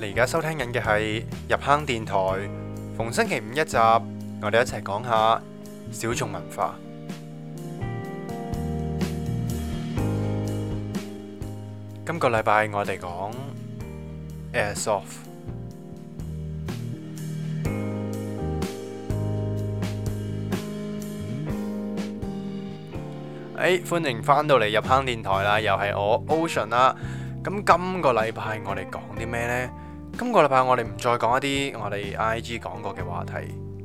嚟而家收聽緊嘅係入坑電台，逢星期五一集，我哋一齊講下小眾文化。今個禮拜我哋講 Airsoft，哎，歡迎翻到嚟入坑電台啦，又係我 Ocean 啦。咁今個禮拜我哋講啲咩呢？今個禮拜我哋唔再講一啲我哋 I G 講過嘅話題，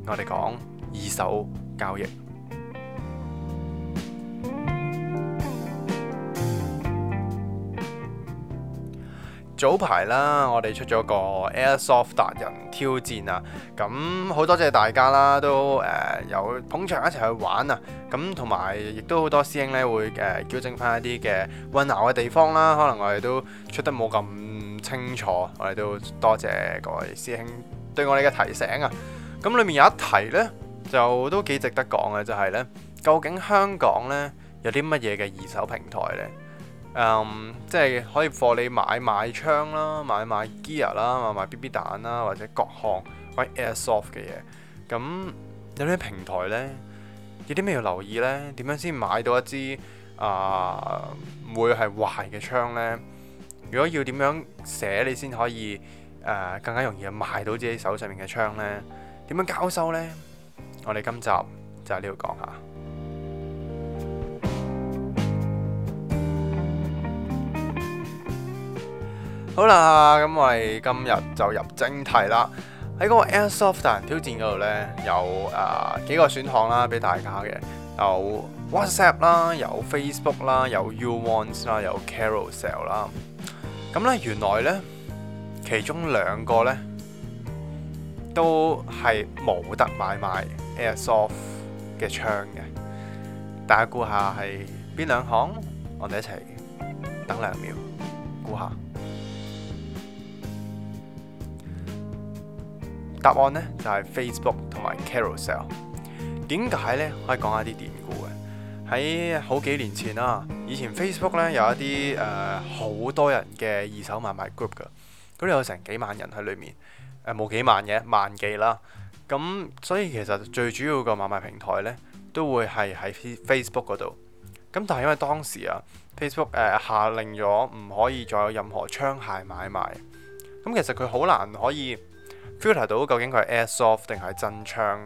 我哋講二手交易。 早排啦，我哋出咗個 Airsoft 達人挑戰啊！咁好多謝大家啦，都誒、呃、有捧場一齊去玩啊！咁同埋亦都好多師兄咧會誒糾正返一啲嘅混淆嘅地方啦，可能我哋都出得冇咁。清楚，我哋都多謝各位師兄對我哋嘅提醒啊！咁裏面有一題呢，就都幾值得講嘅，就係呢：究竟香港呢，有啲乜嘢嘅二手平台呢？Um, 即係可以幫你買買槍啦、買買 gear 啦、買買 BB 彈啦，或者各項玩 Airsoft 嘅嘢。咁有啲平台呢，有啲咩要留意呢？點樣先買到一支啊，唔，呃，會係壞嘅槍呢？如果要點樣寫，你先可以誒、呃、更加容易賣到自己手上面嘅槍呢？點樣交收呢？我哋今集就喺呢度講下。 好啦，咁我哋今日就入正題啦。喺嗰個 Airsoft Challenge 嗰度呢，有誒、呃、幾個選項啦，俾大家嘅有 WhatsApp 啦，有 Facebook 啦，有 You Wants 啦，有 Carousel 啦。咁咧，原來咧，其中兩個咧，都係冇得買賣 Airsoft 嘅槍嘅。大家估下係邊兩行？我哋一齊等兩秒，估下答案咧就係、是、Facebook 同埋 Carousell。點解咧？可以講下啲典故嘅。喺好幾年前啦、啊。以前 Facebook 咧，有一啲誒，好多人嘅二手買賣 group 㗎，度有成幾萬人喺裏面，誒、呃、冇幾萬嘅，萬幾啦。咁所以其實最主要個買賣平台咧都會係喺 Facebook 嗰度。咁但係因為當時啊，Facebook 誒、呃、下令咗唔可以再有任何槍械買賣，咁其實佢好難可以 filter 到究竟佢係 Airsoft 定係真槍，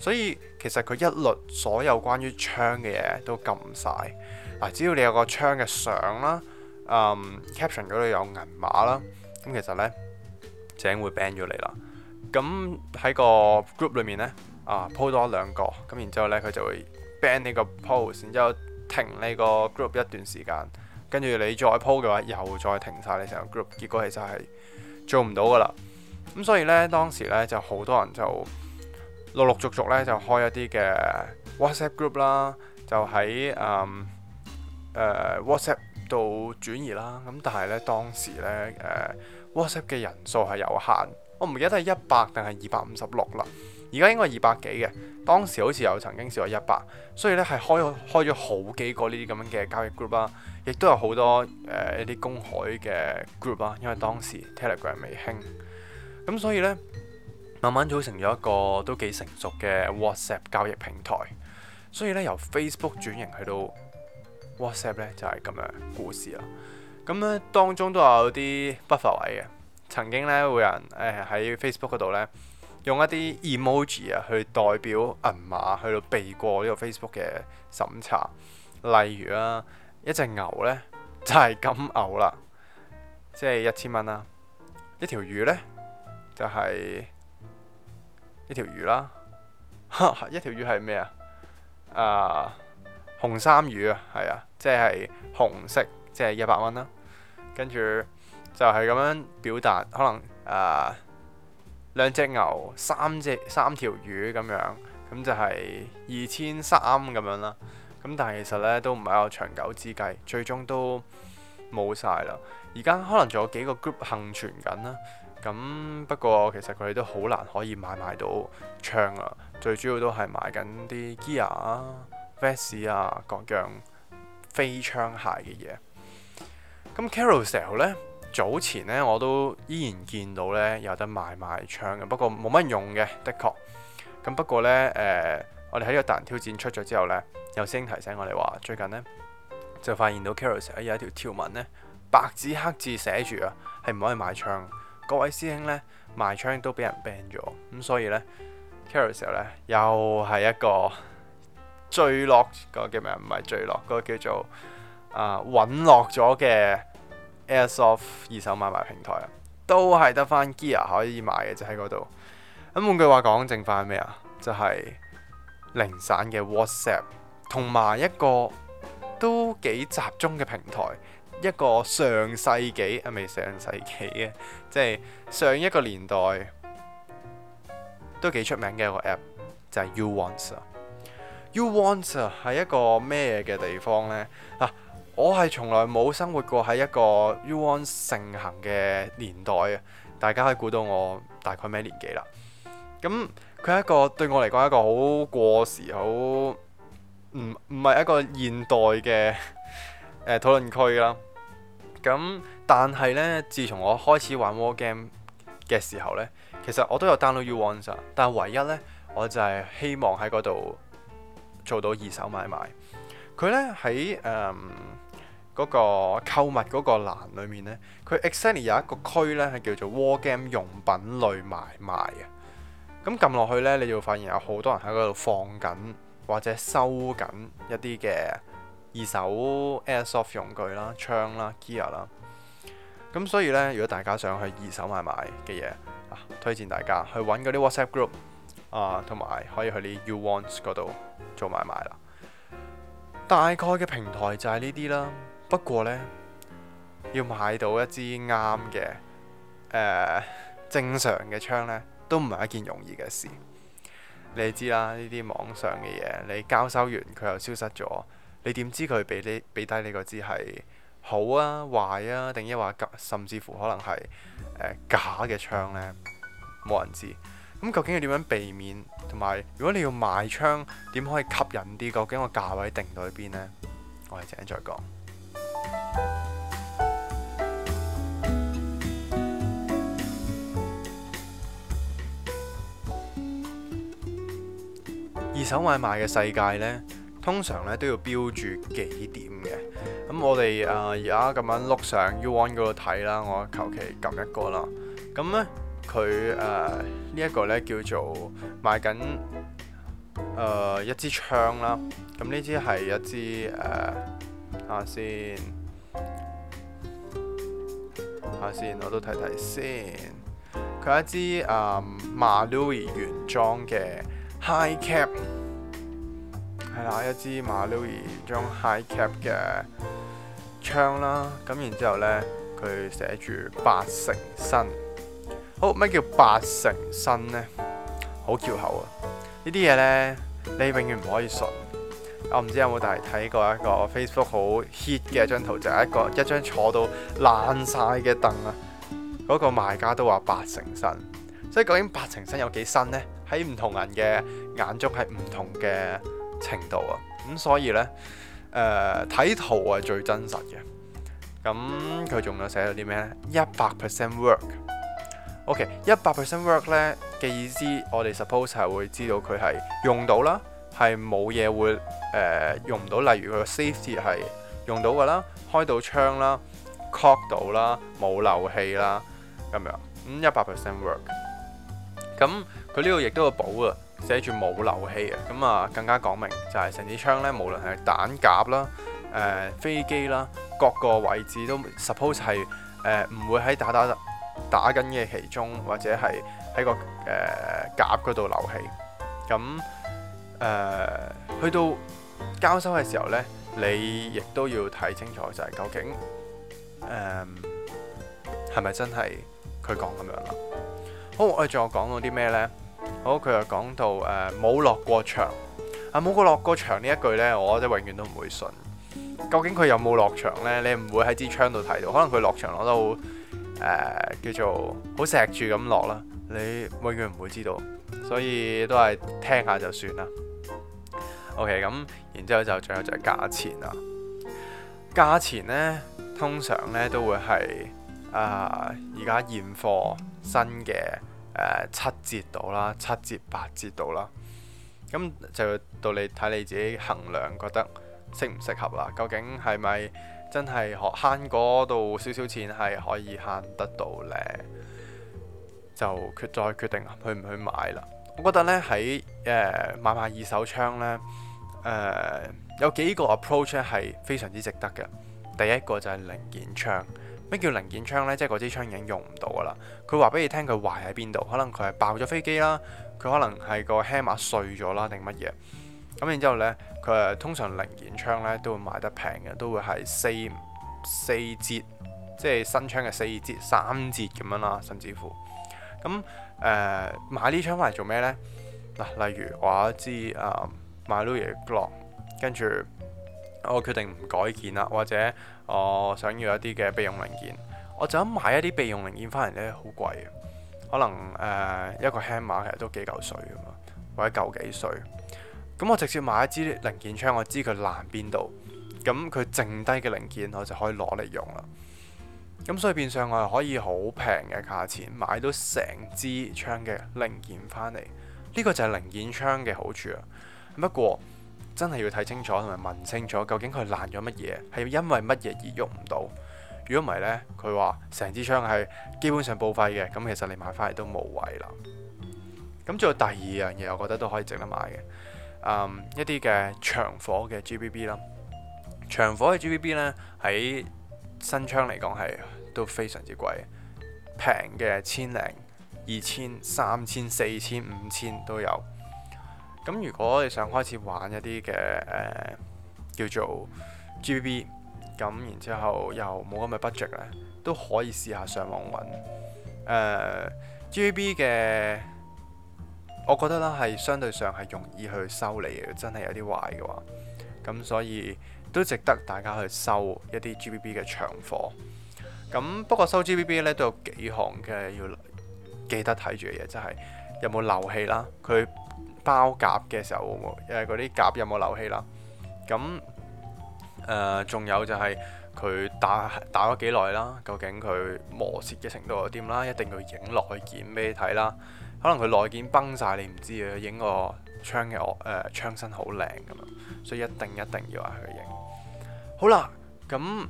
所以其實佢一律所有關於槍嘅嘢都禁晒。嗱，只要你有個窗嘅相啦，caption 嗰度有銀碼啦，咁其實呢，就已經會 ban 咗你啦。咁喺個 group 裏面呢，啊 p 多一兩個咁，然之後呢，佢就會 ban 呢個 p o s e 然之後停呢個 group 一段時間。跟住你再 p 嘅話，又再停晒你成個 group。結果其實係做唔到噶啦。咁所以呢，當時呢，就好多人就陸陸續續呢，就開一啲嘅 WhatsApp group 啦，就、嗯、喺誒、uh, WhatsApp 到轉移啦，咁但係咧當時咧，誒、uh, WhatsApp 嘅人數係有限，我唔記得係一百定係二百五十六啦，而家應該二百幾嘅。當時好似有曾經少過一百，所以咧係開開咗好幾個呢啲咁樣嘅交易 group 啦、啊，亦都有好多誒、uh, 一啲公海嘅 group 啦、啊，因為當時 Telegram 未興，咁所以咧慢慢組成咗一個都幾成熟嘅 WhatsApp 交易平台，所以咧由 Facebook 轉型去到 WhatsApp 咧就係、是、咁樣故事咯、啊，咁、嗯、咧當中都有啲不法位嘅，曾經咧會有人誒喺、呃、Facebook 嗰度咧用一啲 emoji 啊去代表銀碼去到避過呢個 Facebook 嘅審查，例如啊，一隻牛咧就係、是、金牛啦，即係一千蚊啦，一條魚咧就係、是、一條魚啦，一條魚係咩啊？啊、呃、紅衫魚啊，係啊！即係紅色，即係一百蚊啦。跟住就係咁樣表達，可能誒兩隻牛、三隻三條魚咁樣，咁就係二千三咁樣啦。咁但係其實呢都唔係有長久之計，最終都冇晒啦。而家可能仲有幾個 group 幸存緊啦。咁不過其實佢哋都好難可以買賣到槍啊。最主要都係買緊啲 gear 啊、vest 啊各樣。飛槍械嘅嘢，咁 Carousel 咧，早前咧我都依然見到咧有得賣賣槍嘅，不過冇乜用嘅，的確。咁不過咧，誒、呃，我哋喺個達人挑戰出咗之後咧，有師兄提醒我哋話，最近呢，就發現到 Carousel 有一條條文咧，白紙黑字寫住啊，係唔可以賣槍。各位師兄咧賣槍都俾人 ban 咗，咁所以咧 Carousel 咧又係一個。墜落個叫咩，唔係墜落，那個叫做啊，隕、呃、落咗嘅 Airsoft 二手買賣平台啊，都係得翻 Gear 可以買嘅，就喺嗰度。咁換句話講，淨翻咩啊？就係、是、零散嘅 WhatsApp，同埋一個都幾集中嘅平台，一個上世紀啊，未上世紀嘅，即、就、係、是、上一個年代都幾出名嘅一個 App，就係 UOnce 啊！Uwants 啊，係一個咩嘅地方呢？嗱、啊，我係從來冇生活過喺一個 Uwants 盛行嘅年代啊！大家可以估到我大概咩年紀啦。咁佢係一個對我嚟講一個好過時、好唔唔係一個現代嘅誒、呃、討論區啦。咁但係呢，自從我開始玩 War Game 嘅時候呢，其實我都有 download Uwants 啊，但係唯一呢，我就係希望喺嗰度，做到二手買賣，佢呢喺誒嗰個購物嗰個欄裏面呢，佢 e Xiaomi 有一個區呢，係叫做 War Game 用品類買賣嘅。咁撳落去呢，你就會發現有好多人喺嗰度放緊或者收緊一啲嘅二手 Airsoft 用具啦、槍啦、gear 啦。咁、嗯、所以呢，如果大家想去二手買賣嘅嘢，啊，推薦大家去揾嗰啲 WhatsApp group。啊，同埋可以去你 YouWant 嗰度做買賣啦。大概嘅平台就係呢啲啦。不過呢，要買到一支啱嘅誒正常嘅槍呢，都唔係一件容易嘅事。你知啦，呢啲網上嘅嘢，你交收完佢又消失咗，你點知佢俾你俾低你嗰支係好啊、壞啊，定抑或甚至乎可能係、呃、假嘅槍呢？冇人知。咁究竟要點樣避免？同埋如果你要賣槍，點可以吸引啲？究竟個價位定到邊呢？我哋陣間再講。 二手買賣嘅世界呢，通常呢都要標住幾點嘅。咁我哋誒而家咁樣碌上 U One 嗰度睇啦，我求其撳一個啦。咁呢。佢誒、呃這個、呢一個咧叫做賣緊誒一支槍啦。咁呢支係一支誒下先下先，我都睇睇先。佢係一支啊 Marui 原裝嘅 High Cap 係啦，一支 Marui 原裝 High Cap 嘅槍啦。咁然之後咧，佢寫住八成新。好，咩叫八成新呢？好翹口啊！呢啲嘢呢，你永遠唔可以信。我唔知有冇大睇過一個 Facebook 好 hit 嘅一張圖，就係、是、一個一張坐到爛晒嘅凳啊。嗰、那個賣家都話八成新，所以究竟八成新有幾新呢？喺唔同人嘅眼中係唔同嘅程度啊。咁所以呢，誒、呃、睇圖係最真實嘅。咁佢仲有寫咗啲咩呢？一百 percent work。OK，一百 percent work 咧嘅意思，我哋 suppose 係會知道佢係用到啦，係冇嘢會誒、呃、用唔到，例如佢個 safety 係用到㗎啦，開到窗啦，cock 到啦，冇漏氣啦咁樣。咁一百 percent work。咁佢呢度亦都有補啊，寫住冇漏氣啊。咁啊，更加講明就係、是、成支槍咧，無論係彈匣啦、誒、呃、飛機啦，各個位置都 suppose 係誒唔、呃、會喺打打。打緊嘅其中，或者係喺個誒夾嗰度漏氣。咁、呃、誒、呃、去到交收嘅時候咧，你亦都要睇清楚，就係究竟誒係咪真係佢講咁樣啦？好，我哋仲有講到啲咩咧？好，佢又講到誒冇、呃、落過牆啊！冇過落過牆呢一句咧，我覺得永遠都唔會信。究竟佢有冇落牆咧？你唔會喺支槍度睇到，可能佢落牆攞到。誒、uh，叫做好錫住咁落啦，你永遠唔會知道，所以都係聽下就算啦。OK，咁然之後就仲有就係價錢啦。價錢呢，通常呢都會係啊而家現貨新嘅七折度啦，七折八折度啦。咁就到你睇你自己衡量覺得適唔適合啦，究竟係咪？真係學慳嗰度少少錢係可以慳得到呢，就決再決定去唔去買啦。我覺得呢，喺誒、呃、買買二手槍呢，誒、呃、有幾個 approach 係非常之值得嘅。第一個就係零件槍，咩叫零件槍呢？即係嗰支槍已經用唔到噶啦。佢話俾你聽佢壞喺邊度，可能佢係爆咗飛機啦，佢可能係個 hammer 碎咗啦定乜嘢。咁然之後咧，佢誒通常零件槍咧都會賣得平嘅，都會係四四折，即係新槍嘅四折、三折咁樣啦，甚至乎咁誒、嗯呃、買槍呢槍翻嚟做咩咧？嗱、呃，例如我一支誒、呃、買馬路易 Glock 跟住我決定唔改件啦，或者我、呃、想要一啲嘅備用零件，我就諗買一啲備用零件翻嚟咧好貴，可能誒、呃、一個 hammer 其實都幾嚿水噶嘛，或者嚿幾水。咁我直接買一支零件槍，我知佢爛邊度，咁佢剩低嘅零件我就可以攞嚟用啦。咁所以變相我係可以好平嘅價錢買到成支槍嘅零件翻嚟。呢個就係零件槍嘅好處啊。不過真係要睇清楚同埋問清楚，究竟佢爛咗乜嘢，係因為乜嘢而喐唔到？如果唔係呢，佢話成支槍係基本上報廢嘅，咁其實你買翻嚟都冇謂啦。咁做第二樣嘢，我覺得都可以值得買嘅。Um, 一啲嘅長火嘅 G B B 啦，長火嘅 G B B 呢，喺新槍嚟講係都非常之貴，平嘅千零二千三千四千五千都有。咁如果你想開始玩一啲嘅誒叫做 G B B，咁然之後又冇咁嘅 budget 呢，都可以試下上網揾誒 G B B 嘅。我覺得咧係相對上係容易去修理嘅，真係有啲壞嘅話，咁所以都值得大家去收一啲 G B B 嘅長貨。咁不過收 G B B 咧都有幾項嘅要記得睇住嘅嘢，就係有冇漏氣啦，佢包夾嘅時候會唔會，嗰啲夾有冇漏氣啦。咁誒仲有就係佢打打咗幾耐啦，究竟佢磨蝕嘅程度又點啦，一定要影落去檢俾你睇啦。可能佢內件崩晒，你唔知啊！影個槍嘅我誒槍身好靚咁啊，所以一定一定要話去影。好啦，咁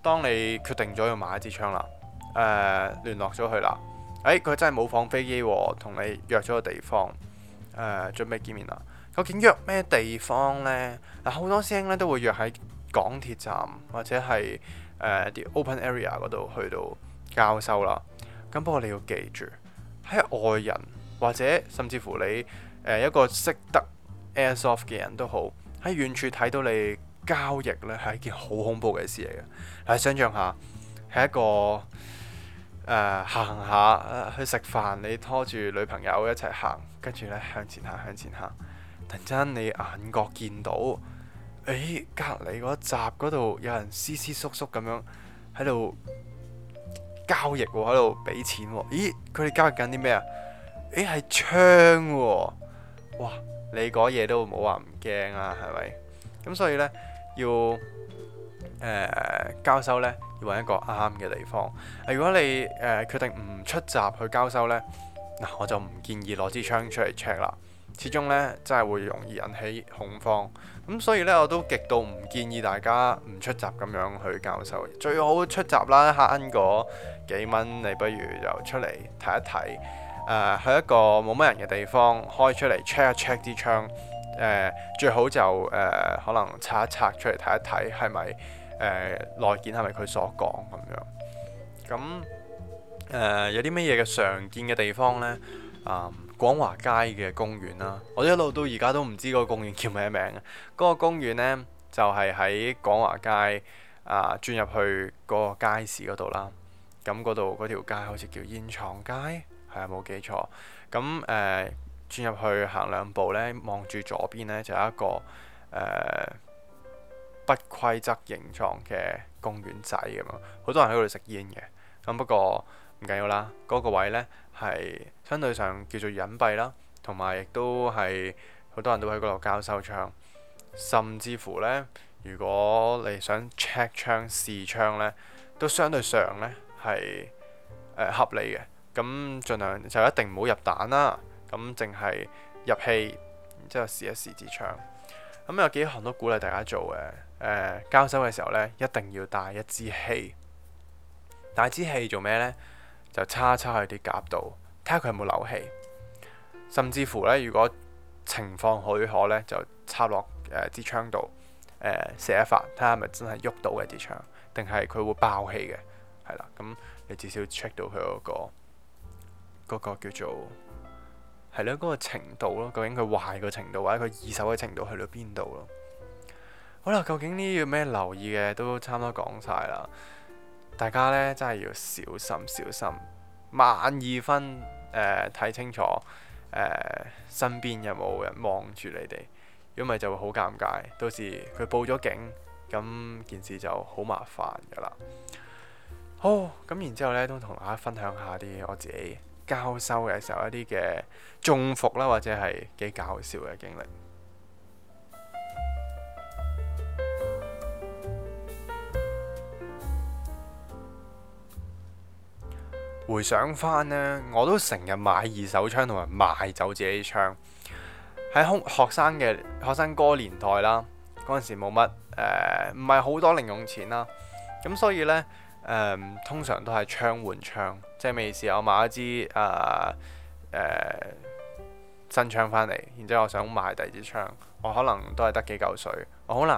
當你決定咗要買一支槍啦，誒、呃、聯絡咗佢啦，誒、欸、佢真係冇放飛機喎，同你約咗個地方，誒、呃、準備見面啦。究竟約咩地方呢？嗱、呃、好多師兄咧都會約喺港鐵站或者係誒啲 open area 嗰度去到交收啦。咁不過你要記住。喺外人或者甚至乎你誒、呃、一個識得 Airsoft 嘅人都好，喺遠處睇到你交易呢係一件好恐怖嘅事嚟嘅。嗱、呃，想象下，喺一個誒、呃、行下、呃、去食飯，你拖住女朋友一齊行，跟住呢向前行向前行，突然間你眼角見到，誒隔離嗰閘嗰度有人鼠鼠縮縮咁樣喺度。交易喎，喺度俾錢喎、哦，咦佢哋交易緊啲咩啊？誒係槍喎，哇！你嗰嘢都冇話唔驚啦，係咪？咁所以呢，要誒、呃、交收呢，要揾一個啱嘅地方、呃。如果你誒、呃、決定唔出閘去交收呢，嗱我就唔建議攞支槍出嚟 check 啦。始終呢，真係會容易引起恐慌。咁、嗯、所以呢，我都極度唔建議大家唔出閘咁樣去交收。最好出閘啦，慳嗰幾蚊，你不如就出嚟睇一睇、呃。去一個冇乜人嘅地方開出嚟 check 一 check 啲槍、呃。最好就誒、呃、可能拆一拆出嚟睇一睇，係咪誒內件係咪佢所講咁樣。咁、嗯呃、有啲乜嘢嘅常見嘅地方呢？啊、嗯！廣華街嘅公園啦，我一路到而家都唔知個公園叫咩名。嗰、那個公園呢，就係喺廣華街啊，轉、呃、入去個街市嗰度啦。咁嗰度嗰條街好似叫煙廠街，係啊冇記錯。咁誒、轉、呃、入去行兩步呢，望住左邊呢，就有、是、一個誒、呃、不規則形狀嘅公園仔咁啊，好多人喺度食煙嘅。咁不過。唔緊要啦，嗰個位呢係相對上叫做隱蔽啦，同埋亦都係好多人都喺嗰度交收槍，甚至乎呢，如果你想 check 槍試槍呢，都相對上呢係、呃、合理嘅。咁儘量就一定唔好入彈啦，咁淨係入氣，然之後試一試支槍。咁有幾行都鼓勵大家做嘅、呃、交收嘅時候呢，一定要帶一支氣，帶支氣做咩呢？就叉叉去啲夾度，睇下佢有冇漏氣。甚至乎呢，如果情況許可呢，就插落誒支槍度誒射一發，睇下係咪真係喐到嘅支槍，定係佢會爆氣嘅，係啦。咁你至少 check 到佢嗰個嗰個叫做係咯，嗰個程度咯，究竟佢壞嘅程度或者佢二手嘅程度去到邊度咯？好啦，究竟呢啲要咩留意嘅都差唔多講晒啦。大家咧，真係要小心小心，萬二分誒睇、呃、清楚誒、呃，身邊有冇人望住你哋，如果唔係就會好尷尬。到時佢報咗警，咁件事就好麻煩噶啦。好，咁，然之後咧都同大家分享下啲我自己交收嘅時候一啲嘅中伏啦，或者係幾搞笑嘅經歷。回想翻呢，我都成日買二手槍同埋賣走自己槍。喺空學生嘅學生哥年代啦，嗰陣時冇乜誒，唔係好多零用錢啦。咁所以呢，誒、呃，通常都係槍換槍，即係未時我買一支誒誒、呃呃、新槍翻嚟，然之後我想買第二支槍，我可能都係得幾嚿水，我好難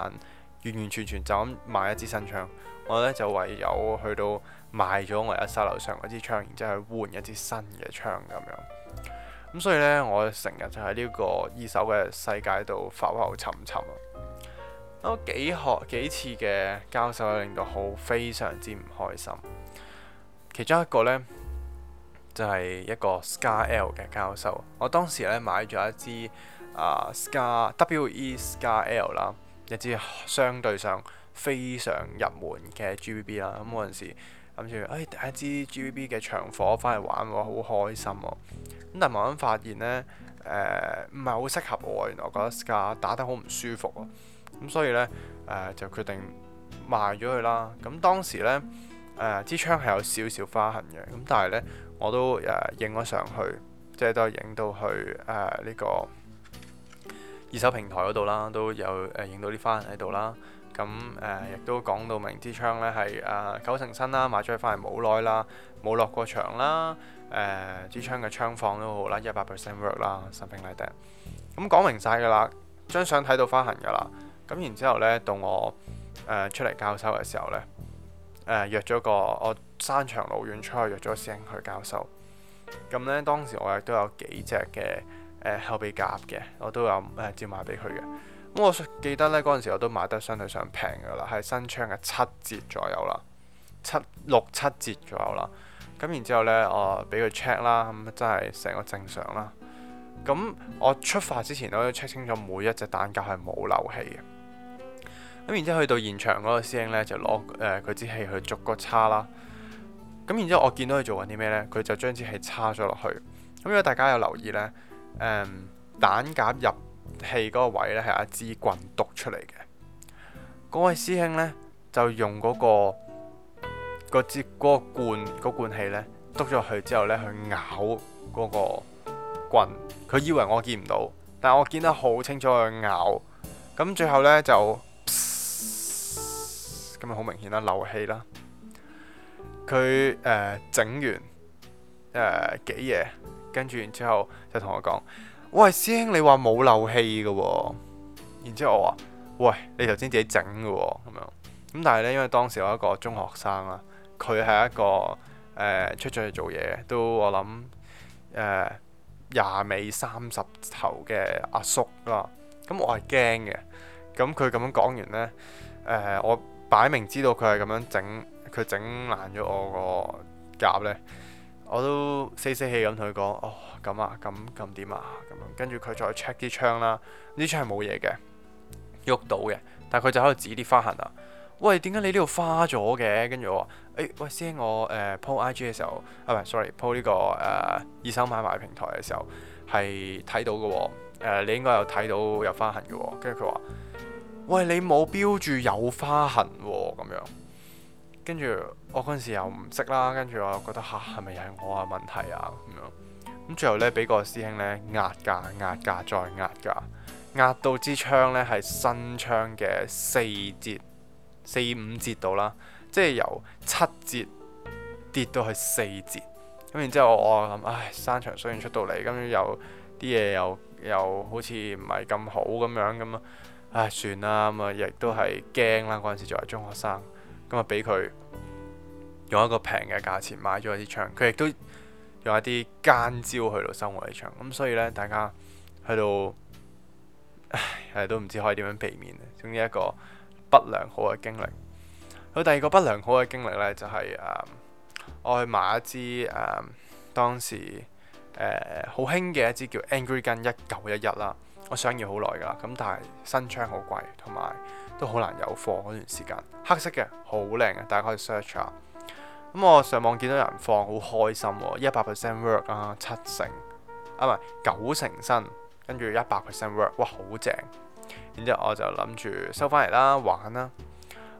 完完全全就咁買一支新槍。我咧就唯有去到賣咗我喺沙樓上嗰支槍，然之後去換一支新嘅槍咁樣。咁所以呢，我成日就喺呢個二手嘅世界度浮浮沉沉啊。咁、哦、幾，幾次嘅交手令到好非常之唔開心。其中一個呢，就係、是、一個 Scar L 嘅交手。我當時咧買咗一支啊 Scar W E Scar L 啦，一支相對上。非常入門嘅 GBB 啦，咁嗰陣時諗住，誒、哎、第一支 GBB 嘅長火翻嚟玩喎，好開心喎、啊。咁但係慢慢發現呢，誒唔係好適合我、啊，原來我覺得打打得好唔舒服喎、啊。咁所以呢，誒、呃、就決定賣咗佢啦。咁當時呢，誒支槍係有少少花痕嘅，咁但係呢，我都誒影咗上去，即係都係影到去誒呢、呃這個二手平台嗰度啦，都有誒影到啲花痕喺度啦。咁誒亦都講到明支槍咧係誒九成新啦，買咗佢翻嚟冇耐啦，冇落過場啦，誒支槍嘅槍況都好啦，一百 percent work 啦，something like that，嗯。咁講明晒嘅啦，張相睇到花痕嘅啦。咁然之後咧，到我誒、呃、出嚟交收嘅時候咧，誒、呃、約咗個我山長路遠出去約咗師兄去交收。咁咧當時我亦都有幾隻嘅誒、呃、後備夾嘅，我都有誒照賣俾佢嘅。呃咁我記得呢嗰陣時我都買得相對上平嘅啦，係新槍嘅七折左右啦，七六七折左右啦。咁然之後呢，我俾佢 check 啦，咁、嗯、真係成個正常啦。咁我出發之前我都 check 清楚，每一隻蛋夾係冇漏氣嘅。咁然之後去到現場嗰個師兄呢，就攞誒佢支氣去逐個叉啦。咁然之後我見到佢做緊啲咩呢？佢就將支氣叉咗落去。咁如果大家有留意呢，誒、嗯、蛋夾入氣嗰個位呢係一支棍督出嚟嘅，嗰位師兄呢，就用嗰、嗰個支、嗰個節嗰個罐嗰罐氣呢篤咗去之後呢，去咬嗰個棍，佢以為我見唔到，但我見得好清楚佢咬，咁最後呢就咁咪好明顯啦，漏氣啦，佢誒整完誒、呃、幾嘢，跟住之後就同我講。喂，師兄，你話冇漏氣㗎喎，然之後我話，喂，你頭先自己整嘅咁樣，咁但係呢，因為當時我一個中學生啦，佢係一個、呃、出咗去做嘢，都我諗廿尾三十頭嘅阿叔啦，咁、嗯、我係驚嘅，咁佢咁樣講完呢、呃，我擺明知道佢係咁樣整，佢整爛咗我個夾呢。我都死死氣咁同佢講，哦咁啊咁咁點啊咁樣跟住佢再 check 啲窗啦，啲窗係冇嘢嘅，喐到嘅，但係佢就喺度指啲花痕啊喂，點解你呢度花咗嘅？跟住我話，誒、欸，喂，師姐我誒 po、呃、IG 嘅時候，啊，唔係，sorry po 呢、這個誒二手買賣平台嘅時候係睇到嘅、哦，誒、呃、你應該有睇到有花痕嘅、哦，跟住佢話，喂，你冇標注有花痕咁、哦、樣。跟住我嗰陣時又唔識啦，跟住我又覺得吓係咪又係我嘅問題啊，咁樣，咁最後呢，俾個師兄呢壓價、壓價再壓價，壓到支槍呢，係新槍嘅四折、四五折到啦，即係由七折跌到去四折。咁然之後我啊諗，唉山長水遠出到嚟，咁又啲嘢又又好似唔係咁好咁樣咁啊，唉算啦咁啊，亦都係驚啦嗰陣時作為中學生。咁啊，俾佢用一個平嘅價錢買咗一支槍，佢亦都用一啲奸招去到收我啲槍。咁所以咧，大家去到唉，都唔知可以點樣避免。總之一個不良好嘅經歷。佢第二個不良好嘅經歷咧，就係、是、誒、嗯，我去買一支誒、嗯，當時誒好興嘅一支叫 Angry Gun 一九一一啦，我想要好耐噶啦，咁但係新槍好貴，同埋。都好難有貨嗰段時間，黑色嘅好靚嘅，大家可以 search 下。咁、嗯、我上網見到有人放好開心喎，一百 percent work 啊，七成啊唔係九成新，跟住一百 percent work，哇好正！然之後我就諗住收翻嚟啦玩啦。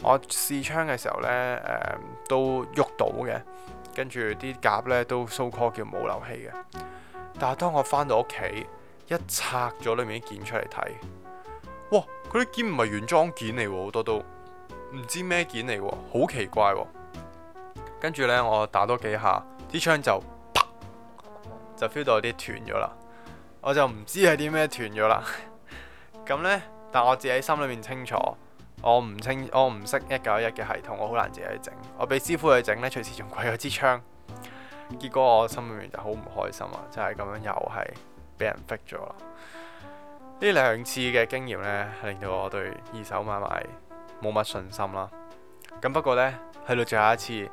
我試槍嘅時候呢，誒、呃、都喐到嘅，跟住啲夾呢都 so call 叫冇漏氣嘅。但係當我翻到屋企一拆咗裡面啲件出嚟睇。哇！佢啲件唔係原裝件嚟，好多都唔知咩件嚟，好奇怪。跟住呢，我打多幾下，啲槍就啪就 feel 到有啲斷咗啦。我就唔知係啲咩斷咗啦。咁 呢，但我自己心裡面清楚，我唔清，我唔識一九一一嘅系統，我好難自己去整。我俾師傅去整呢，隨時仲貴咗支槍。結果我心裡面就好唔開心啊！就係咁樣，又係俾人 f 咗啦。兩呢兩次嘅經驗呢，令到我對二手買賣冇乜信心啦。咁不過呢，去到最後一次，誒、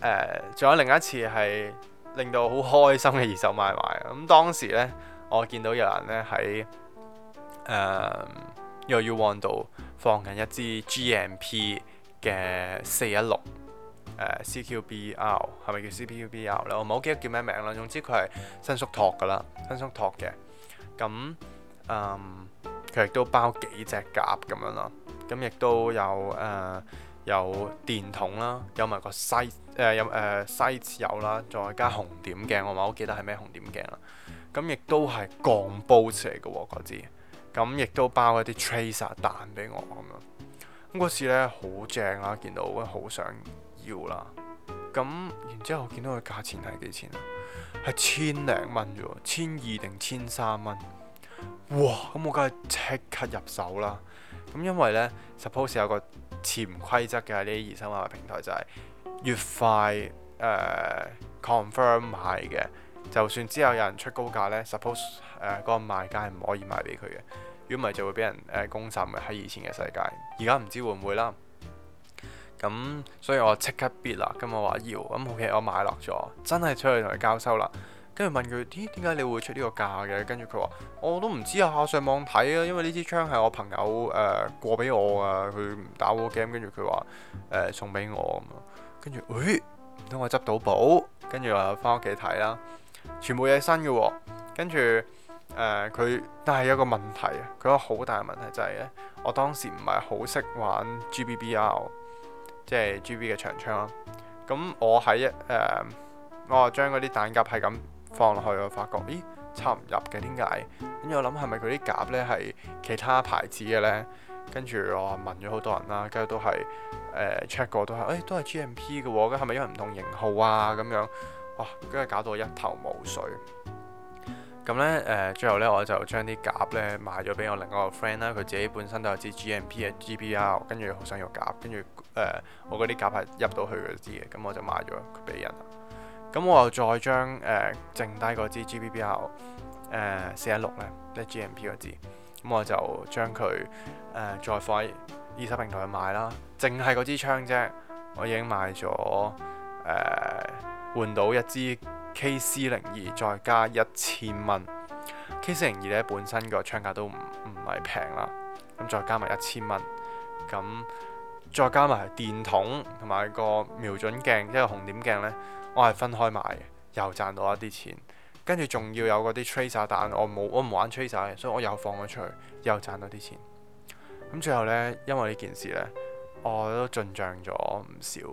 呃，仲有另一次係令到好開心嘅二手買賣。咁當時呢，我見到有人呢喺誒、呃、一個 U o 度放緊一支 G M P 嘅四一六誒 C Q B R 係咪叫 C Q B R 呢？我唔係好記得叫咩名啦。總之佢係伸縮托㗎喇，伸縮托嘅咁。嗯，佢亦都包幾隻夾咁樣啦。咁亦都有誒、呃、有電筒啦、啊，有埋個 size，誒、呃、有、呃、size 有啦，再加紅點鏡，我唔係好記得係咩紅點鏡啦。咁亦都係鋼煲出嚟嘅喎嗰支，咁亦都包一啲 tracer 彈俾我咁樣。咁嗰次咧好正啦，見到好想要啦、啊。咁然之後我見到個價錢係幾錢啊？係千零蚊啫喎，千二定千三蚊？哇！咁我梗係即刻入手啦。咁因為呢，suppose 有個潛規則嘅呢啲二手買賣平台就係越快、呃、confirm 買嘅，就算之後有人出高價呢，suppose 誒嗰個賣家係唔可以賣俾佢嘅。如果唔係，就會俾人誒、呃、攻陷嘅喺以前嘅世界。而家唔知會唔會啦。咁所以我即刻 bid 啦。咁我話要，咁 OK，我買落咗，真係出去同佢交收啦。跟住問佢：咦，點解你會出呢個價嘅？跟住佢話：我都唔知啊，我上網睇啊，因為呢支槍係我朋友誒、呃、過俾我，我，、呃我，哎、我啊，佢唔打 war game，跟住佢話誒送俾我咁跟住，誒唔通我執到寶，跟住又翻屋企睇啦，全部嘢新嘅、啊。跟住誒，佢、呃、但係有個問題啊，佢有個好大嘅問題就係、是、咧，我當時唔係好識玩 GBBR，即係 GB 嘅長槍咯、啊。咁我喺一誒，我話將嗰啲彈夾係咁。放落去我發覺，咦插唔入嘅，點解？咁我諗係咪佢啲夾呢係其他牌子嘅呢？跟住我問咗好多人啦，跟住都係誒 check 過都係，誒、哎、都係 GMP 嘅喎，咁係咪因為唔同型號啊咁樣？哇，跟住搞到我一頭霧水。咁呢，誒、呃，最後呢，我就將啲夾呢賣咗俾我另外一個 friend 啦，佢自己本身都有支 GMP 嘅 GBR 跟住好想要夾，跟住誒我嗰啲夾係入到去嗰支嘅，咁我就賣咗佢俾人。咁我又再將誒、呃、剩低嗰支 BR，呃、呢 GBBR 誒四一六咧，即係 GMP 嗰支，咁我就將佢誒、呃、再放喺二手平台去賣啦。淨係嗰支槍啫，我已經賣咗誒，換到一支 KC 零二，再加一千蚊。KC 零二咧本身個槍價都唔唔係平啦，咁再加埋一千蚊，咁再加埋電筒同埋個瞄準鏡，一個紅點鏡咧，我係分開買又賺到一啲錢，跟住仲要有嗰啲 tracer 彈，但係我冇，我唔玩 tracer 嘅，所以我又放咗出去，又賺到啲錢。咁最後呢，因為呢件事呢，我都進賬咗唔少。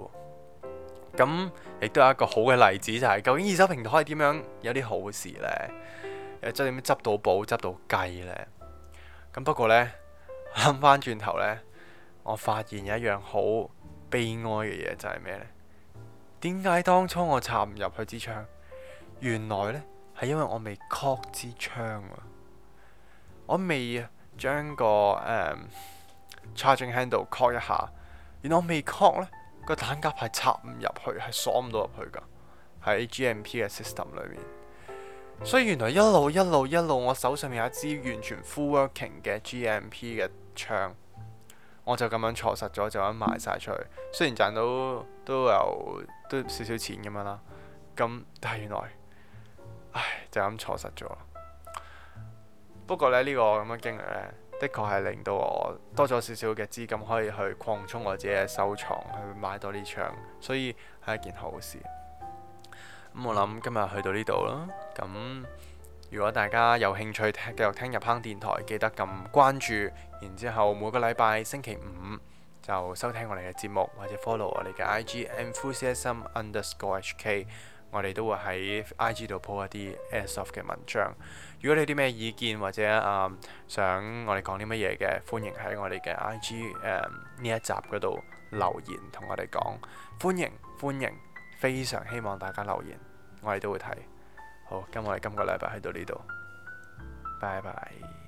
咁亦都有一個好嘅例子，就係究竟二手平台可以點樣有啲好事呢，即係點樣執到寶、執到雞呢？咁不過呢，諗翻轉頭呢，我發現有一樣好悲哀嘅嘢，就係咩呢？點解當初我插唔入去支槍？原來呢，係因為我未 cock 支槍啊！我未啊將個、um, charging handle cock 一下，原來我未 cock 呢，個彈夾係插唔入去，係鎖唔到入去噶喺 GMP 嘅 system 裏面。所以原來一路一路一路，我手上面有一支完全 full working 嘅 GMP 嘅槍。我就咁樣錯失咗，就咁賣晒出去。雖然賺到都有都有少少錢咁樣啦，咁但係原來，唉，就咁錯失咗。不過呢，呢個咁樣經歷呢，的確係令到我多咗少少嘅資金可以去擴充我自己嘅收藏，去買多啲槍，所以係一件好事。咁我諗今日去到呢度啦，咁。如果大家有興趣聽，繼續聽入坑電台，記得撳關注，然之後每個禮拜星期五就收聽我哋嘅節目，或者 follow 我哋嘅 IG Enthusiasm_HK， 我哋都會喺 IG 度 po 一啲 airsoft 嘅文章。如果你有啲咩意見或者啊、呃、想我哋講啲乜嘢嘅，歡迎喺我哋嘅 IG 誒、呃、呢一集嗰度留言同我哋講。歡迎歡迎，非常希望大家留言，我哋都會睇。好，今日我哋今個禮拜去到呢度，拜拜。